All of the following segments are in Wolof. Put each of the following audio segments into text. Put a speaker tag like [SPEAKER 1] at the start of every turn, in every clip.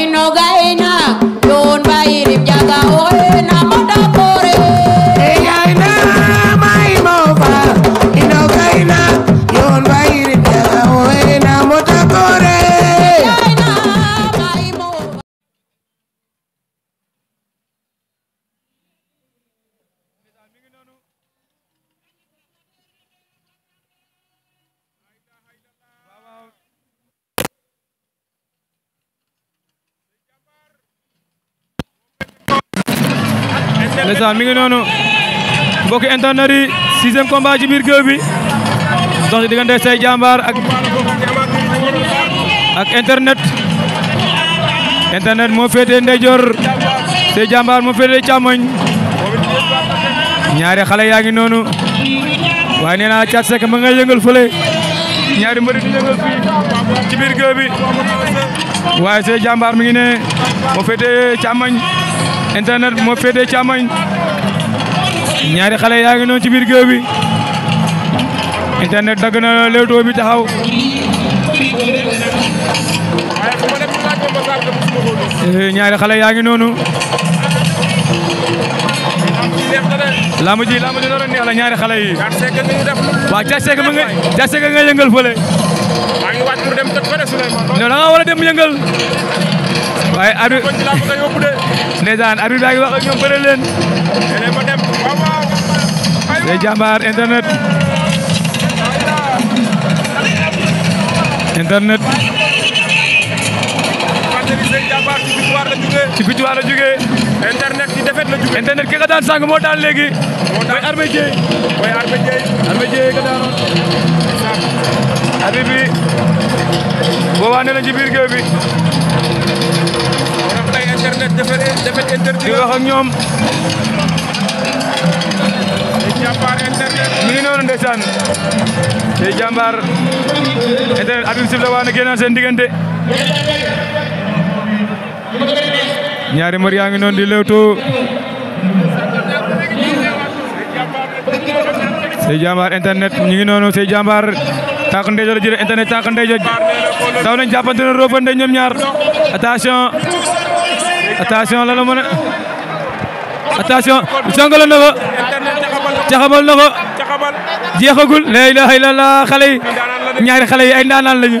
[SPEAKER 1] inoga ina yon ba irip jaga oe na mama
[SPEAKER 2] ndeysaan mi ngi noonu mbokki internet yi sixième combat ci biir géew bi dox ci diggante say jàmbaar ak internet internet moo féetee ndeyjoor say jàmbaar moo féetee càmmoñ ñaari xale yaa ngi noonu waaye nee naa caat sekk ma nga yëngal fële ñaari mbëri di yëngal fii ci biir géew waaye see jàmbaar mi ngi ne moo féetee càmmañ internet moo féetee càmmañ ñaari xale yaa ngi noonu ci biir géew bi internet dagg na bi taxaw eh, ñaari xale yaa ngi noonu laamu ji laamu ji doon neex la ñaari xale yi. waaw Thiat nga yëngal fële.
[SPEAKER 1] maa ngi waaj dem tëj
[SPEAKER 2] a dem yëngal. waaye Habib ndeysaan Habib daa ngi wax ak ñoom bëre leen. les internet. internet. defet la internet ki daan sàng moo daan léegi. moo daan mooy Armé Dieye. mooy Armé Dieye. Armé Dieye nga daanoon. bi ci biir géew bi. maanaam ay internet di wax ak internet. mi ngi noonu ndeysaan. tey jàmbaar internet Habib Sif la na génnoon seen ñaari mbër yaa ngi noonu di lewtoo Sey Jambar internet ñu ngi noonu Sey Jambar tànk ndeyjoor jël internet tànk ndeyjoor daw nañ jàppante na roofante ñoom ñaar attention
[SPEAKER 1] attention la la mën
[SPEAKER 2] attention songaloon na ko caxabal na ko jeexagul la ilaha illallah xale yi ñaari xale yi ay ndaanaan lañu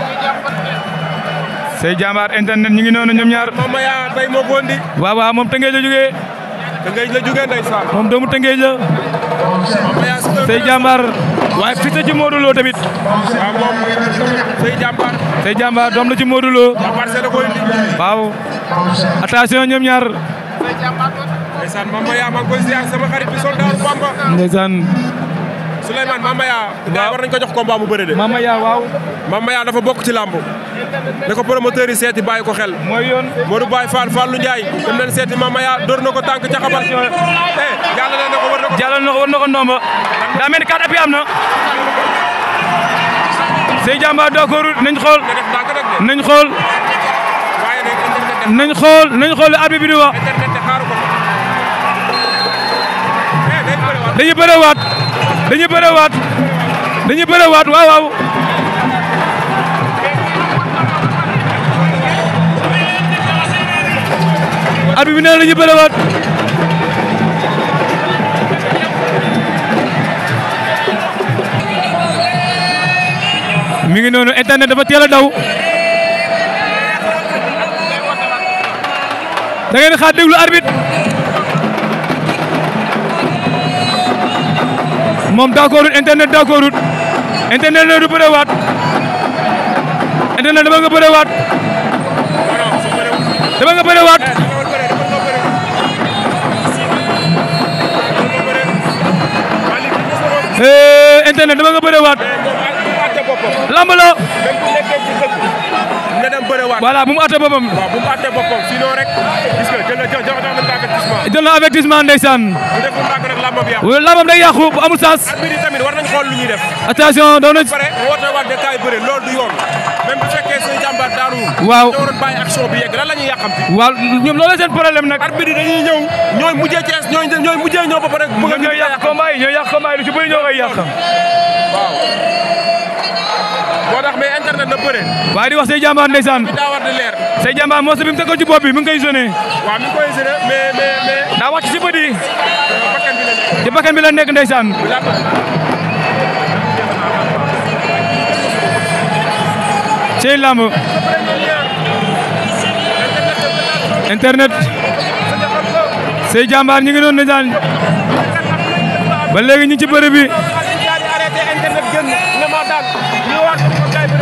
[SPEAKER 2] say jàmbaar internet ñu ngi noonu ñoom ñaar. moom Maya tey moo ko indi. moom Tëngéej la jugee. moom doomu Tëngéej la. say jàmbaar. waaye fii sa ci Modou tamit. waaw moom say jàmbaar. doom la ci Modou Lo. jàmbaar see la ko waaw. attention ñoom ñaar. say
[SPEAKER 1] jàmbaar. ndeysaan waaw gars yi ko mu bëre de. dafa bokk ci làmb. ne ko promoteur seeti bàyyi ko xel. mooy yoon Modou Baye Fall Fallou Ndiaye seeti Mamaya dóor na ko tànk ca xabal. eh jàll na ko war na ko. jàll na ko war na ko am na.
[SPEAKER 2] Sey Jàmbaar dookoorul nañ nañ xool. nañ xool nañ xool waat dañuy bëre waat waat waaw waaw. arbitre bi nee na ñu bëriwaat mi ngi noonu internet dafa teel daw da ngeen xaar déglu arbitre moom d'accordul internet d'accordul internet la du bëriwaat internet dama nga bëriwaat dama nga bëriwaat internet dama nga bëre waat lamb la voilà bu mu àtte
[SPEAKER 1] boppam sinon rek jël na
[SPEAKER 2] avertissement ndeysaan lambam day yàqu bu amul sens
[SPEAKER 1] attention daw na waaw ñoo la ñuy yàqamti waaw ñoom loolu seen problème nag arbitre yi dañuy ñëw ñooy mujjee Thiès ñooy
[SPEAKER 2] mujjee ñoo ba pare bëgg ñooy yàq combat yi ñooy yàq combat yi lu ci bëri ñoo koy yàq waaw
[SPEAKER 1] moo tax mais internet na bëre
[SPEAKER 2] wax say jàmbaar ndeysaan
[SPEAKER 1] daa
[SPEAKER 2] sa bi mu teggoon ci bopp bi mi ngi koy sonné
[SPEAKER 1] waaw mi ngi ci bët yi
[SPEAKER 2] ci bakkan bi la nekk ndeysaan ci lamb internet Sey Jambaar ñu ngi doon ndeysaan ba léegi ñu ci bërëb bi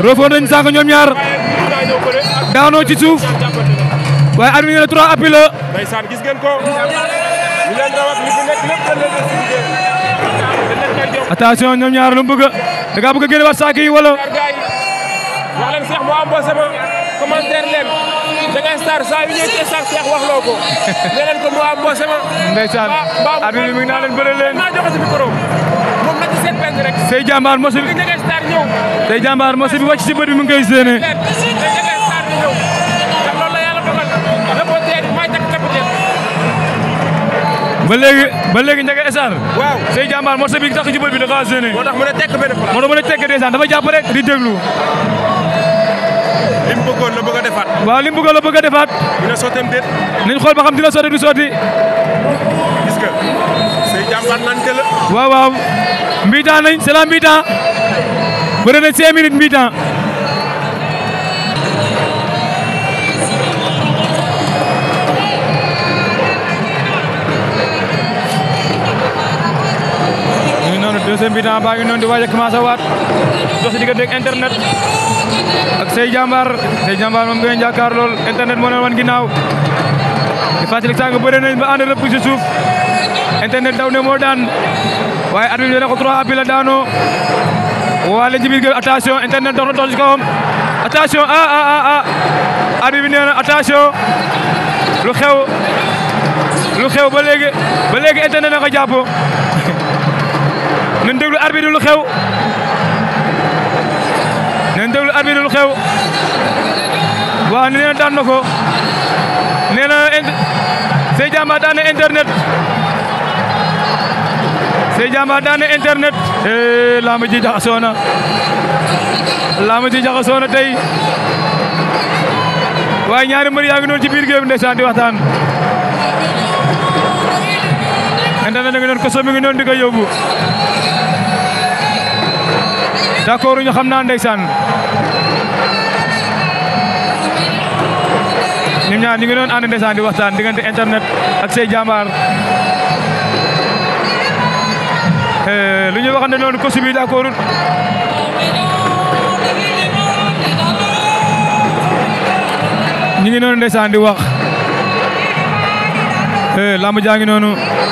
[SPEAKER 2] rofon dañ sànq ñoom ñaar
[SPEAKER 1] daanoo ci suuf waaye armi ngeen trois appui la ndeysaan gis ngeen ko
[SPEAKER 2] ñoom ñaar lu mu bëgg da ngaa bëgg a génne waat
[SPEAKER 1] wala wax leen Cheikh mu embauché ma commentaire leen da ngay ko. ne leen ko
[SPEAKER 2] mu si bët bi mu ngi koy séenee. tey da ngay star di ñëw ndax loolu bët bi da kaa séenee. moo tax mën a tekk benn place. moo tax a tekk dèjà jàpp rek di déglu. li mu bëggoon la bëgg a defaat. waaw li mu la bëgg a defaat. dina xool ba xam dina sotti du sotti. waaw waaw mbiitaan nañ c'est mbiitaan bëri nañ cinq mbiitaan. baa ngi noonu di waaj a waat dox si diggante internet ak Sey Jambar Sey Jambar moom ngeen jàkkaar lool internet moo leen wan ginnaaw di fàttali sàng bëre nañ ba ànd rëpp si suuf internet daw ne moo daan waaye arbitre bi ne ko trois appuis la daanoo waa leen internet dox na dox si kawam attention a ah, a ah, a ah, a arbitre bi nee na attention lu xew lu xew ba internet na ko jàpp nañ déglu arbitre lu xew nañ déglu arbitre lu xew waaw nee na daan na ko nee na Sey Diamba daan na internet se Diamba daan na internet eh laamu ji jaxasoo na laamu ji jaxasoo na tey waaye ñaari mbër yaa ngi noonu ci biir géew ndeysaan di waxtaan internet a ngi noonu koso ngi noonu di ko yóbbu d'accord ñu xam naa ndeysaan ñu ñaar ñu ngi doon ànd ndeysaan di waxtaan diggante internet ak say jàmbaar eh, lu ñu waxande noonu kosu bi d'accord ñu ngi noonu ndeysaan di wax eh, lamb jaa noonu